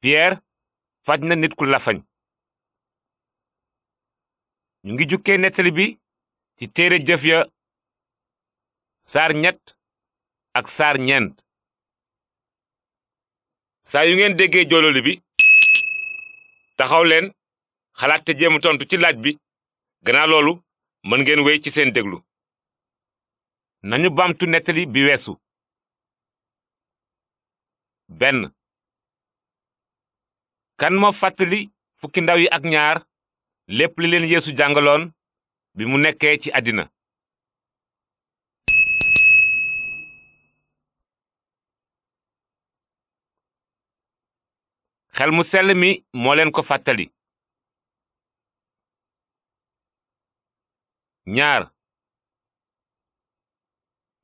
Pierre faj na nit ku lafañ ñu ngi jukkee nettali bi ci téere jëf ya saar ñett ak saar ñeent saa yu ngeen déggee joololi bi taxaw leen xalaat te jéem tontu ci laaj bi gannaaw loolu mën ngeen wéy ci seen déglu nañu bamtu nettali bi weesu benn kan moo fàttali fukki ndaw yi ak ñaar lépp li yéesu yeesu jàngaloon bi mu nekkee ci àddina xel mu sell mi moo leen ko fàttali ñaar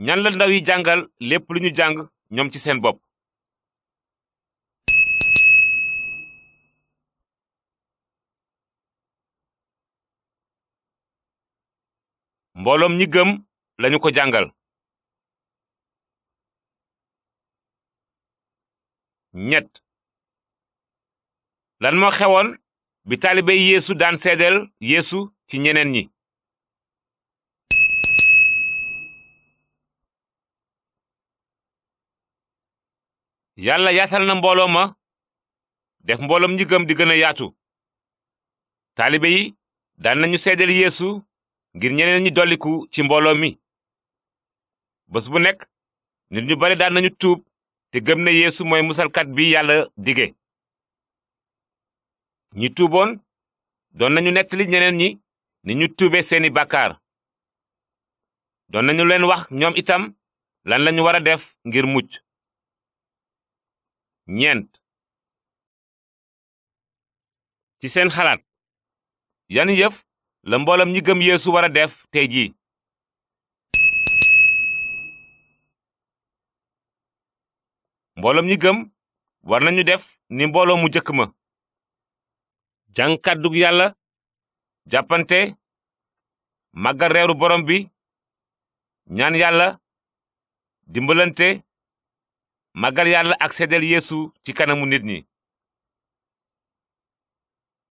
ñan la ndaw yi jàngal lépp lu ñu jàng ñoom ci seen bopp mbooloom ñi lañu ko jàngal. ñett lan moo xewoon bi taalibe yéesu daan seedeel yéesu ci ñeneen ñi. yàlla yaatal na mbooloo ma def mbooloom ñi gëm di gën a yaatu. taalibe daan nañu seedeel yéesu ngir ñeneen ñi dolliku ci mbooloo mi bés bu nekk nit ñu bari daan nañu tuub te gëm ne yéesu mooy musalkat bi yàlla dige ñi tuuboon doon nañu nettali ñeneen ñi ni ñu tuube seeni bàkkaar doon nañu leen wax ñoom itam lan lañu war a def ngir mucc ñeent ci seen xalaat yan yëf la mbooloom ñi gëm yeesu war a def tey jii mbooloom ñi gëm war nañu def ni mbooloo mu jëkk ma jàng yàlla jàppante màggal reeru borom bi ñaan yàlla dimbalante màggal yàlla ak seddeel yéesu ci kanamu nit ñi